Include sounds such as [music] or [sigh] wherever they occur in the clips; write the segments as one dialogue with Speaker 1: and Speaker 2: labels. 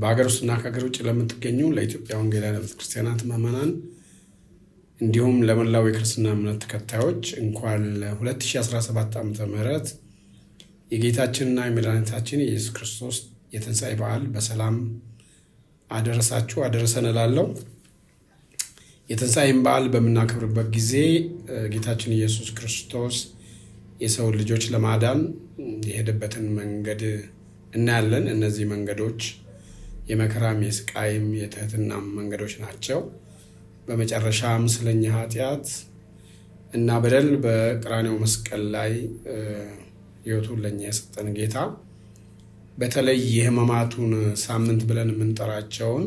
Speaker 1: በሀገር ውስጥና ከሀገር ውጭ ለምትገኙ ለኢትዮጵያ ወንጌላ ቤተክርስቲያናት ምዕመናን እንዲሁም ለመላው የክርስትና እምነት ተከታዮች እንኳን ለ2017 ዓ.ም የጌታችንና የመድኃኒታችን የኢየሱስ ክርስቶስ የትንሣኤ በዓል በሰላም አደረሳችሁ አደረሰን እላለሁ። የትንሣኤን በዓል በምናከብርበት ጊዜ ጌታችን ኢየሱስ ክርስቶስ የሰው ልጆች ለማዳን የሄደበትን መንገድ እናያለን። እነዚህ መንገዶች የመከራም የስቃይም የትህትናም መንገዶች ናቸው። በመጨረሻም ስለኛ ኃጢአት እና በደል በቅራኔው መስቀል ላይ ሕይወቱን ለኛ የሰጠን ጌታ በተለይ የህመማቱን ሳምንት ብለን የምንጠራቸውን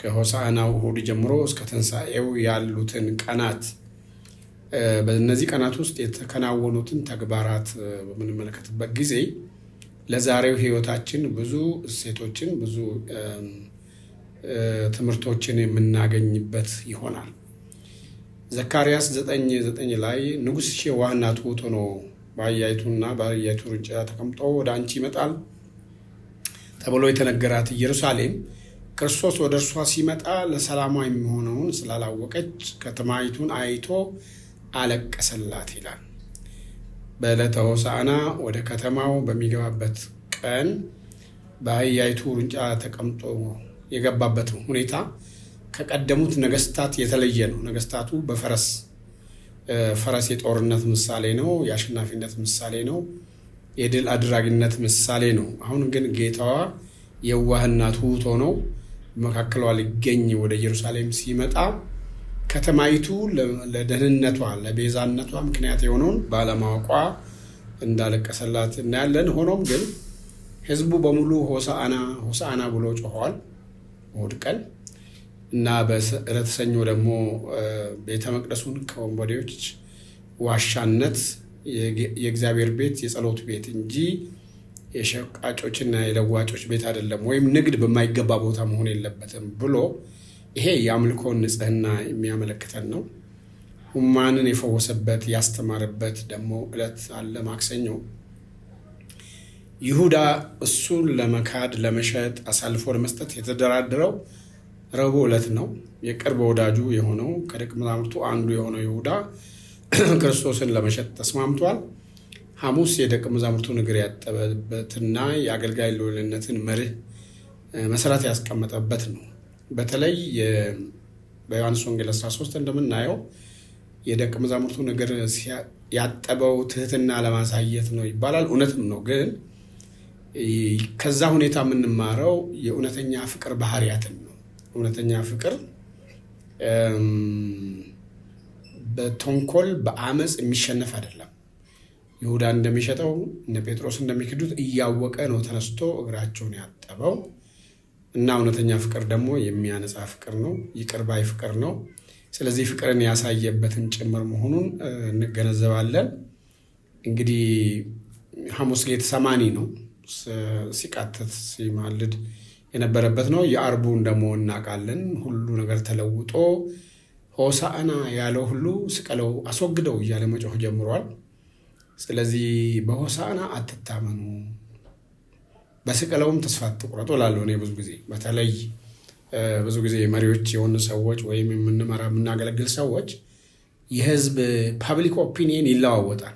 Speaker 1: ከሆሳዕናው እሑድ ጀምሮ እስከ ትንሣኤው ያሉትን ቀናት በእነዚህ ቀናት ውስጥ የተከናወኑትን ተግባራት በምንመለከትበት ጊዜ ለዛሬው ህይወታችን ብዙ እሴቶችን ብዙ ትምህርቶችን የምናገኝበት ይሆናል። ዘካርያስ ዘጠኝ ዘጠኝ ላይ ንጉሥ ዋህና ትሑት ሆኖ በአህያይቱና በአህያይቱ ርንጫ ተቀምጦ ወደ አንቺ ይመጣል ተብሎ የተነገራት ኢየሩሳሌም ክርስቶስ ወደ እርሷ ሲመጣ ለሰላሟ የሚሆነውን ስላላወቀች ከተማይቱን አይቶ አለቀሰላት ይላል። በዕለተ ሆሳዕና ወደ ከተማው በሚገባበት ቀን በአህያይቱ ውርንጫ ተቀምጦ የገባበት ሁኔታ ከቀደሙት ነገስታት የተለየ ነው። ነገስታቱ በፈረስ ፈረስ የጦርነት ምሳሌ ነው፣ የአሸናፊነት ምሳሌ ነው፣ የድል አድራጊነት ምሳሌ ነው። አሁን ግን ጌታዋ የዋህና ትውቶ ነው። መካከሏ ሊገኝ ወደ ኢየሩሳሌም ሲመጣ ከተማይቱ ለደህንነቷ ለቤዛነቷ ምክንያት የሆነውን ባለማወቋ እንዳለቀሰላት እናያለን። ሆኖም ግን ህዝቡ በሙሉ ሆሳአና ሆሳአና ብሎ ጮኸዋል እሑድ ቀን እና በዕለተ ሰኞ ደግሞ ቤተ መቅደሱን ከወንበዴዎች ዋሻነት የእግዚአብሔር ቤት የጸሎት ቤት እንጂ የሸቃጮችና የለዋጮች ቤት አይደለም፣ ወይም ንግድ በማይገባ ቦታ መሆን የለበትም ብሎ ይሄ የአምልኮን ንጽህና የሚያመለክተን ነው። ሁማንን የፈወሰበት ያስተማረበት ደግሞ ዕለት አለ ማክሰኞ። ይሁዳ እሱን ለመካድ ለመሸጥ አሳልፎ ለመስጠት የተደራደረው ረቡዕ ዕለት ነው። የቅርብ ወዳጁ የሆነው ከደቀ መዛሙርቱ አንዱ የሆነው ይሁዳ [clears throat] ክርስቶስን ለመሸጥ ተስማምቷል። ሐሙስ የደቀ መዛሙርቱን እግር ያጠበበትና የአገልጋይ ልዑልነትን መርህ መሰረት ያስቀመጠበት ነው። በተለይ በዮሐንስ ወንጌል 13 እንደምናየው የደቀ መዛሙርቱን እግር ያጠበው ትህትና ለማሳየት ነው ይባላል። እውነትም ነው። ግን ከዛ ሁኔታ የምንማረው የእውነተኛ ፍቅር ባህሪያትን ነው። እውነተኛ ፍቅር በተንኮል በአመፅ የሚሸነፍ አይደለም። ይሁዳ እንደሚሸጠው እነ ጴጥሮስ እንደሚክዱት እያወቀ ነው ተነስቶ እግራቸውን ያጠበው። እና እውነተኛ ፍቅር ደግሞ የሚያነጻ ፍቅር ነው፣ ይቅር ባይ ፍቅር ነው። ስለዚህ ፍቅርን ያሳየበትን ጭምር መሆኑን እንገነዘባለን። እንግዲህ ሐሙስ ጌት ሰማኒ ነው ሲቃተት ሲማልድ የነበረበት ነው። የአርቡን ደግሞ እናውቃለን። ሁሉ ነገር ተለውጦ ሆሳዕና ያለው ሁሉ ስቀለው፣ አስወግደው እያለ መጮህ ጀምሯል። ስለዚህ በሆሳዕና አትታመኑ በስቀለውም ተስፋ ትቁረጡ እላለሁ እኔ ብዙ ጊዜ በተለይ ብዙ ጊዜ መሪዎች የሆኑ ሰዎች ወይም የምንመራ የምናገለግል ሰዎች የህዝብ ፓብሊክ ኦፒኒየን ይለዋወጣል።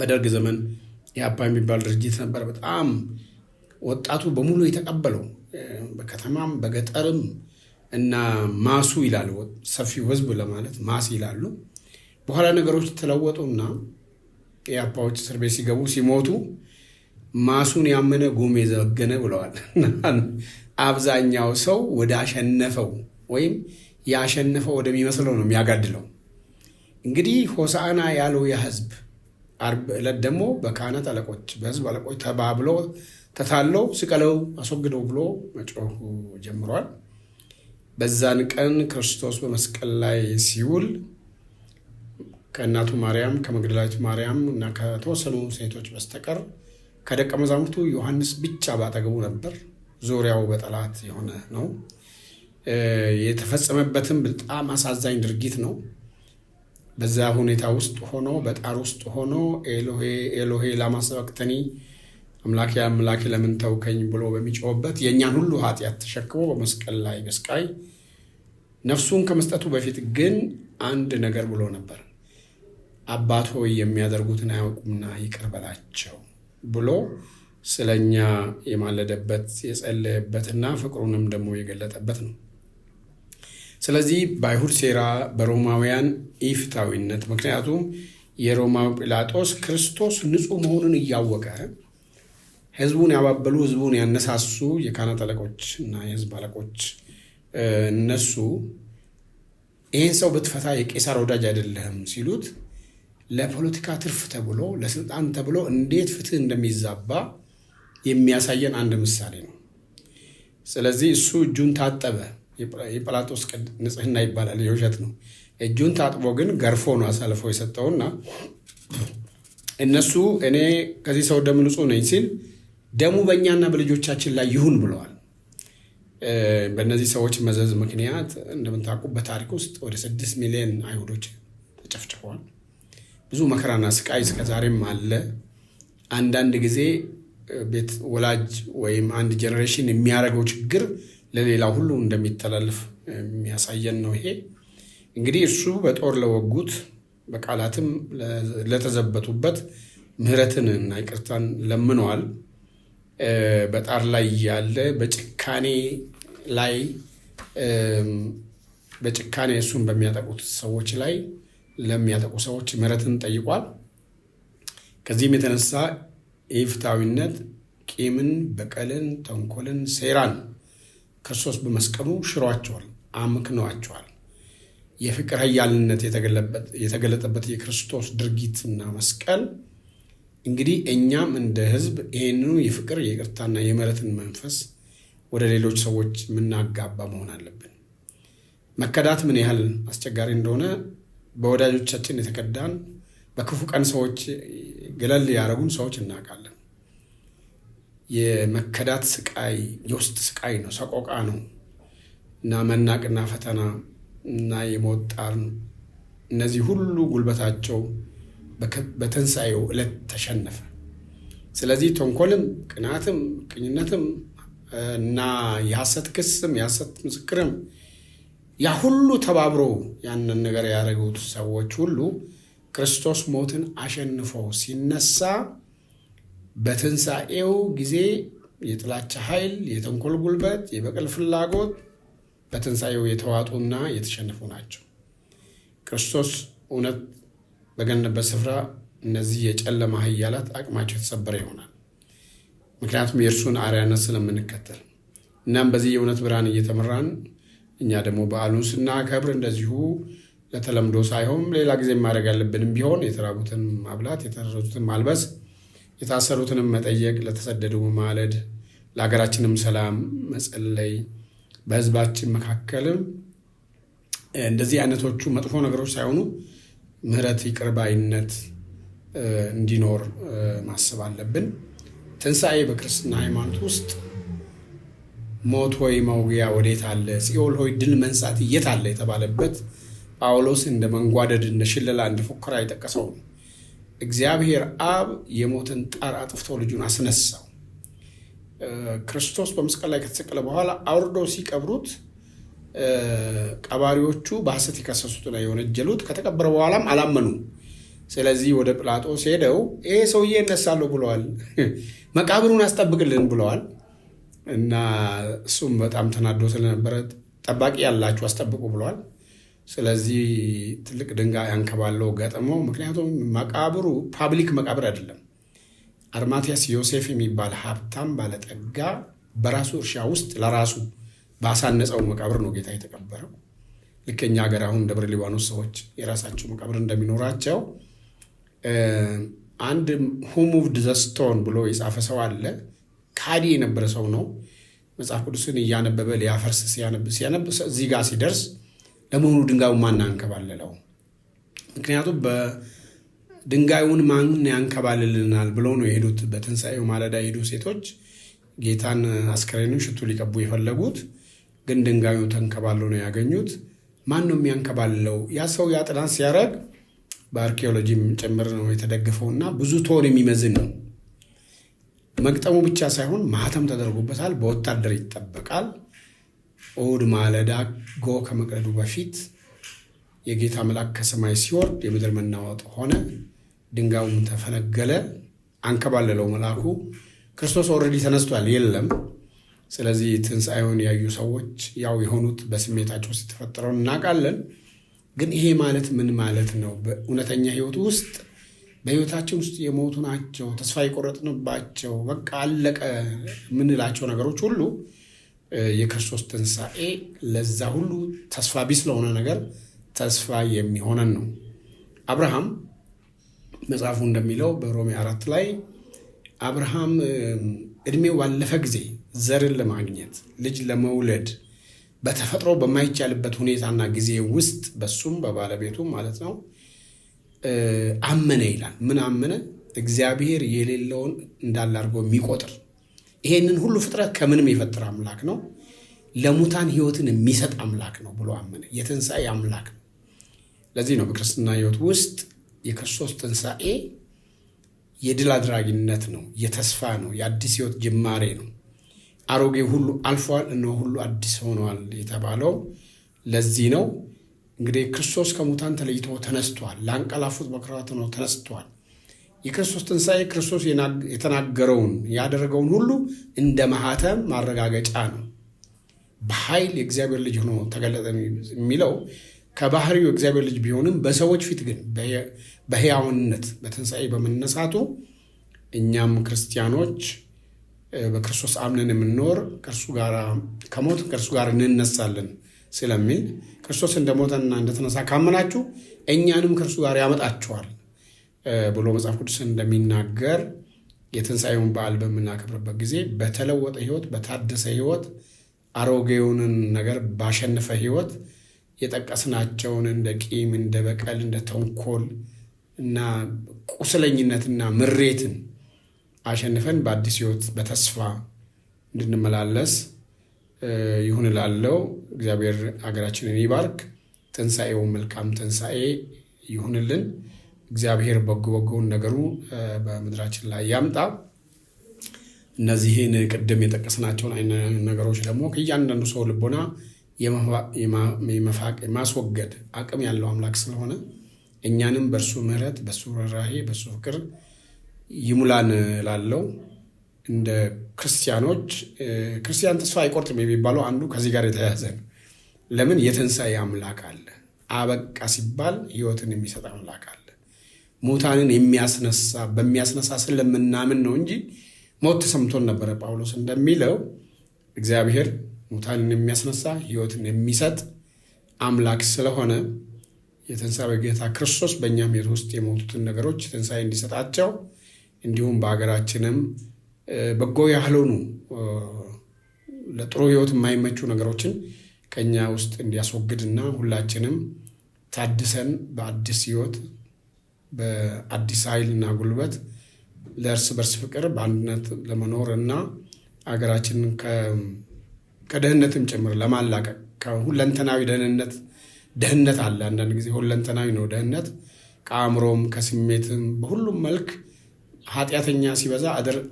Speaker 1: በደርግ ዘመን የአባ የሚባል ድርጅት ነበር። በጣም ወጣቱ በሙሉ የተቀበለው በከተማም በገጠርም እና ማሱ ይላሉ ሰፊው ህዝብ ለማለት ማስ ይላሉ። በኋላ ነገሮች ተለወጡና የአባዎች እስር ቤት ሲገቡ ሲሞቱ ማሱን ያመነ ጎም ዘገነ ብለዋል። [laughs] አብዛኛው ሰው ወደ አሸነፈው ወይም ያሸነፈው ወደሚመስለው ነው የሚያጋድለው። እንግዲህ ሆሳዕና ያለው የህዝብ አርብ ዕለት ደግሞ በካህናት አለቆች፣ በህዝብ አለቆች ተባብሎ ተታለው ስቀለው፣ አስወግደው ብሎ መጮህ ጀምሯል። በዛን ቀን ክርስቶስ በመስቀል ላይ ሲውል ከእናቱ ማርያም ከመግደላዊቱ ማርያም እና ከተወሰኑ ሴቶች በስተቀር ከደቀ መዛሙርቱ ዮሐንስ ብቻ ባጠገቡ ነበር። ዙሪያው በጠላት የሆነ ነው። የተፈጸመበትም በጣም አሳዛኝ ድርጊት ነው። በዛ ሁኔታ ውስጥ ሆኖ በጣር ውስጥ ሆኖ ኤሎሄ ኤሎሄ ላማ ሰበቅተኒ አምላኬ አምላኬ ለምን ተውከኝ ብሎ በሚጮህበት የእኛን ሁሉ ኃጢአት ተሸክሞ በመስቀል ላይ በስቃይ ነፍሱን ከመስጠቱ በፊት ግን አንድ ነገር ብሎ ነበር፣ አባት ሆይ የሚያደርጉትን አያውቁምና ይቅር በላቸው። ብሎ ስለኛ የማለደበት የጸለየበትና ፍቅሩንም ደግሞ የገለጠበት ነው። ስለዚህ በአይሁድ ሴራ፣ በሮማውያን ኢፍታዊነት ምክንያቱም የሮማዊ ጲላጦስ ክርስቶስ ንጹህ መሆኑን እያወቀ ህዝቡን ያባበሉ ህዝቡን ያነሳሱ የካህናት አለቆች እና የህዝብ አለቆች እነሱ ይህን ሰው ብትፈታ የቄሳር ወዳጅ አይደለህም ሲሉት ለፖለቲካ ትርፍ ተብሎ ለስልጣን ተብሎ እንዴት ፍትህ እንደሚዛባ የሚያሳየን አንድ ምሳሌ ነው። ስለዚህ እሱ እጁን ታጠበ፣ የጲላጦስ ንጽህና ይባላል፣ የውሸት ነው። እጁን ታጥቦ ግን ገርፎ ነው አሳልፎ የሰጠውና እነሱ እኔ ከዚህ ሰው ደም ንጹህ ነኝ ሲል ደሙ በእኛና በልጆቻችን ላይ ይሁን ብለዋል። በእነዚህ ሰዎች መዘዝ ምክንያት እንደምታውቁ በታሪክ ውስጥ ወደ ስድስት ሚሊዮን አይሁዶች ተጨፍጭፈዋል። ብዙ መከራና ስቃይ እስከ ዛሬም አለ። አንዳንድ ጊዜ ቤት ወላጅ ወይም አንድ ጀኔሬሽን የሚያደርገው ችግር ለሌላ ሁሉ እንደሚተላለፍ የሚያሳየን ነው። ይሄ እንግዲህ እሱ በጦር ለወጉት በቃላትም ለተዘበቱበት ምሕረትን እና ይቅርታን ለምነዋል። በጣር ላይ ያለ በጭካኔ ላይ በጭካኔ እሱን በሚያጠቁት ሰዎች ላይ ለሚያጠቁ ሰዎች ምሕረትን ጠይቋል። ከዚህም የተነሳ የፍትሐዊነት ቂምን፣ በቀልን፣ ተንኮልን፣ ሴራን ክርስቶስ በመስቀሉ ሽሯቸዋል፣ አምክነዋቸዋል። የፍቅር ኃያልነት የተገለጠበት የክርስቶስ ድርጊትና መስቀል እንግዲህ እኛም እንደ ሕዝብ ይህንኑ የፍቅር የቅርታና የምሕረትን መንፈስ ወደ ሌሎች ሰዎች የምናጋባ መሆን አለብን። መከዳት ምን ያህል አስቸጋሪ እንደሆነ በወዳጆቻችን የተከዳን በክፉ ቀን ሰዎች ገለል ያደረጉን ሰዎች እናውቃለን። የመከዳት ስቃይ የውስጥ ስቃይ ነው፣ ሰቆቃ ነው እና መናቅና ፈተና እና የሞት እነዚህ ሁሉ ጉልበታቸው በትንሣኤው ዕለት ተሸነፈ። ስለዚህ ተንኮልም፣ ቅናትም፣ ቅኝነትም እና የሐሰት ክስም የሐሰት ምስክርም ያ ሁሉ ተባብሮ ያንን ነገር ያደረጉት ሰዎች ሁሉ ክርስቶስ ሞትን አሸንፎ ሲነሳ በትንሣኤው ጊዜ የጥላቻ ኃይል፣ የተንኮል ጉልበት፣ የበቀል ፍላጎት በትንሣኤው የተዋጡና የተሸነፉ ናቸው። ክርስቶስ እውነት በገነበት ስፍራ እነዚህ የጨለማ ኃያላት አቅማቸው የተሰበረ ይሆናል። ምክንያቱም የእርሱን አርያነት ስለምንከተል እናም በዚህ የእውነት ብርሃን እየተመራን እኛ ደግሞ በዓሉን ስናከብር እንደዚሁ ለተለምዶ ሳይሆን ሌላ ጊዜ ማድረግ ያለብንም ቢሆን የተራቡትን ማብላት፣ የተረሱትን ማልበስ፣ የታሰሩትንም መጠየቅ፣ ለተሰደዱ ማለድ፣ ለሀገራችንም ሰላም መጸለይ፣ በህዝባችን መካከልም እንደዚህ አይነቶቹ መጥፎ ነገሮች ሳይሆኑ ምህረት ይቅርባይነት እንዲኖር ማሰብ አለብን። ትንሣኤ በክርስትና ሃይማኖት ውስጥ ሞት ሆይ መውጊያ ወዴት አለ? ሲኦል ሆይ ድል መንሳት የት አለ? የተባለበት ጳውሎስ እንደ መንጓደድ፣ እንደ ሽለላ፣ እንደ ፉከራ የጠቀሰው ነው። እግዚአብሔር አብ የሞትን ጣር አጥፍቶ ልጁን አስነሳው። ክርስቶስ በመስቀል ላይ ከተሰቀለ በኋላ አውርዶ ሲቀብሩት ቀባሪዎቹ በሐሰት የከሰሱትና የወነጀሉት ከተቀበረ በኋላም አላመኑ። ስለዚህ ወደ ጲላጦስ ሄደው ይሄ ሰውዬ እነሳለሁ ብለዋል፣ መቃብሩን አስጠብቅልን ብለዋል። እና እሱም በጣም ተናዶ ስለነበረ ጠባቂ ያላችሁ አስጠብቁ ብለዋል። ስለዚህ ትልቅ ድንጋይ አንከባለው ገጥመው። ምክንያቱም መቃብሩ ፓብሊክ መቃብር አይደለም። አርማቲያስ ዮሴፍ የሚባል ሀብታም ባለጠጋ በራሱ እርሻ ውስጥ ለራሱ ባሳነጸው መቃብር ነው ጌታ የተቀበረው። ልክ እኛ ሀገር አሁን ደብረ ሊባኖስ ሰዎች የራሳቸው መቃብር እንደሚኖራቸው አንድ ሁሙቭድ ዘስቶን ብሎ የጻፈ ሰው አለ ካዲ የነበረ ሰው ነው። መጽሐፍ ቅዱስን እያነበበ ሊያፈርስ ሲያነብ ሲያነብ እዚህ ጋር ሲደርስ ለመሆኑ ድንጋዩን ማን አንከባለለው? ምክንያቱም በድንጋዩን ማን ያንከባልልናል ብለው ነው የሄዱት። በትንሣኤው ማለዳ የሄዱ ሴቶች ጌታን አስከሬኑን ሽቱ ሊቀቡ የፈለጉት ግን ድንጋዩ ተንከባሎ ነው ያገኙት። ማን ነው የሚያንከባልለው? ያ ሰው ያ ጥናት ሲያደርግ በአርኪኦሎጂም ጭምር ነው የተደገፈውና ብዙ ቶን የሚመዝን ነው። መግጠሙ ብቻ ሳይሆን ማህተም ተደርጎበታል። በወታደር ይጠበቃል። እሑድ ማለዳ ጎ ከመቅረዱ በፊት የጌታ መልአክ ከሰማይ ሲወርድ የምድር መናወጥ ሆነ፣ ድንጋዩም ተፈነገለ፣ አንከባለለው። መልአኩ ክርስቶስ ኦልሬዲ ተነስቷል የለም። ስለዚህ ትንሣኤውን ያዩ ሰዎች ያው የሆኑት በስሜታቸው ሲተፈጠረውን እናውቃለን። ግን ይሄ ማለት ምን ማለት ነው? በእውነተኛ ህይወት ውስጥ በህይወታችን ውስጥ የሞቱ ናቸው፣ ተስፋ የቆረጥንባቸው በቃ አለቀ የምንላቸው ነገሮች ሁሉ የክርስቶስ ትንሣኤ ለዛ ሁሉ ተስፋ ቢስ ለሆነ ነገር ተስፋ የሚሆነን ነው። አብርሃም መጽሐፉ እንደሚለው በሮሜ አራት ላይ አብርሃም እድሜው ባለፈ ጊዜ ዘርን ለማግኘት ልጅ ለመውለድ በተፈጥሮ በማይቻልበት ሁኔታና ጊዜ ውስጥ በሱም በባለቤቱ ማለት ነው አመነ ይላል። ምን አመነ? እግዚአብሔር የሌለውን እንዳለ አድርጎ የሚቆጥር ይሄንን ሁሉ ፍጥረት ከምንም የፈጠረ አምላክ ነው፣ ለሙታን ህይወትን የሚሰጥ አምላክ ነው ብሎ አመነ። የትንሣኤ አምላክ ነው። ለዚህ ነው በክርስትና ህይወት ውስጥ የክርስቶስ ትንሣኤ የድል አድራጊነት ነው፣ የተስፋ ነው፣ የአዲስ ህይወት ጅማሬ ነው። አሮጌ ሁሉ አልፏል፣ እነሆ ሁሉ አዲስ ሆኗል የተባለው ለዚህ ነው። እንግዲህ ክርስቶስ ከሙታን ተለይቶ ተነስቷል። ለአንቀላፉት በኩራት ሆኖ ተነስቷል። የክርስቶስ ትንሣኤ ክርስቶስ የተናገረውን ያደረገውን ሁሉ እንደ ማህተም ማረጋገጫ ነው። በኃይል የእግዚአብሔር ልጅ ሆኖ ተገለጠ የሚለው ከባህሪው የእግዚአብሔር ልጅ ቢሆንም በሰዎች ፊት ግን በሕያውነት በትንሣኤ በመነሳቱ እኛም ክርስቲያኖች በክርስቶስ አምነን የምንኖር ከእርሱ ጋር ከሞት ከእርሱ ጋር እንነሳለን። ስለሚል ክርስቶስ እንደሞተና እንደተነሳ ካመናችሁ እኛንም ከእርሱ ጋር ያመጣችኋል ብሎ መጽሐፍ ቅዱስ እንደሚናገር የትንሣኤውን በዓል በምናከብርበት ጊዜ በተለወጠ ህይወት በታደሰ ህይወት አሮጌውንን ነገር ባሸነፈ ህይወት የጠቀስናቸውን እንደ ቂም፣ እንደ በቀል፣ እንደ ተንኮል እና ቁስለኝነትና ምሬትን አሸንፈን በአዲስ ህይወት በተስፋ እንድንመላለስ ይሁን ላለው እግዚአብሔር ሀገራችንን ይባርክ። ትንሣኤው መልካም ትንሣኤ ይሁንልን። እግዚአብሔር በጎ በጎውን ነገሩ በምድራችን ላይ ያምጣ። እነዚህን ቅድም የጠቀስናቸውን አይነት ነገሮች ደግሞ ከእያንዳንዱ ሰው ልቦና የመፋቅ የማስወገድ አቅም ያለው አምላክ ስለሆነ እኛንም በእርሱ ምሕረት፣ በእሱ ርኅራኄ፣ በእሱ ፍቅር ይሙላን ላለው እንደ ክርስቲያኖች ክርስቲያን ተስፋ አይቆርጥም የሚባለው አንዱ ከዚህ ጋር የተያያዘ ነው። ለምን የትንሣኤ አምላክ አለ። አበቃ ሲባል ህይወትን የሚሰጥ አምላክ አለ። ሙታንን የሚያስነሳ በሚያስነሳ ስለምናምን ነው እንጂ ሞት ተሰምቶን ነበረ። ጳውሎስ እንደሚለው እግዚአብሔር ሙታንን የሚያስነሳ ህይወትን የሚሰጥ አምላክ ስለሆነ የትንሣኤ ጌታ ክርስቶስ በእኛም ሕይወት ውስጥ የሞቱትን ነገሮች ትንሣኤ እንዲሰጣቸው እንዲሁም በሀገራችንም በጎ ያልሆኑ ለጥሩ ህይወት የማይመቹ ነገሮችን ከኛ ውስጥ እንዲያስወግድና ሁላችንም ታድሰን በአዲስ ህይወት በአዲስ ኃይልና ጉልበት ለእርስ በርስ ፍቅር በአንድነት ለመኖር እና አገራችንን ከደህንነትም ጭምር ለማላቀቅ ከሁለንተናዊ ደህንነት ደህንነት አለ። አንዳንድ ጊዜ ሁለንተናዊ ነው ደህንነት ከአእምሮም ከስሜትም በሁሉም መልክ ኃጢአተኛ ሲበዛ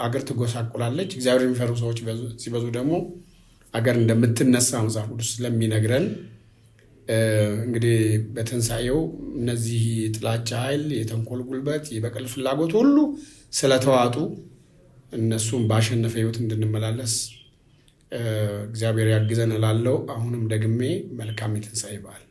Speaker 1: አገር ትጎሳቁላለች። እግዚአብሔር የሚፈሩ ሰዎች ሲበዙ ደግሞ አገር እንደምትነሳ መጽሐፍ ቅዱስ ስለሚነግረን እንግዲህ በትንሣኤው እነዚህ የጥላቻ ኃይል፣ የተንኮል ጉልበት፣ የበቀል ፍላጎት ሁሉ ስለተዋጡ እነሱም ባሸነፈ ህይወት እንድንመላለስ እግዚአብሔር ያግዘን እላለሁ። አሁንም ደግሜ መልካም የትንሣኤ በዓል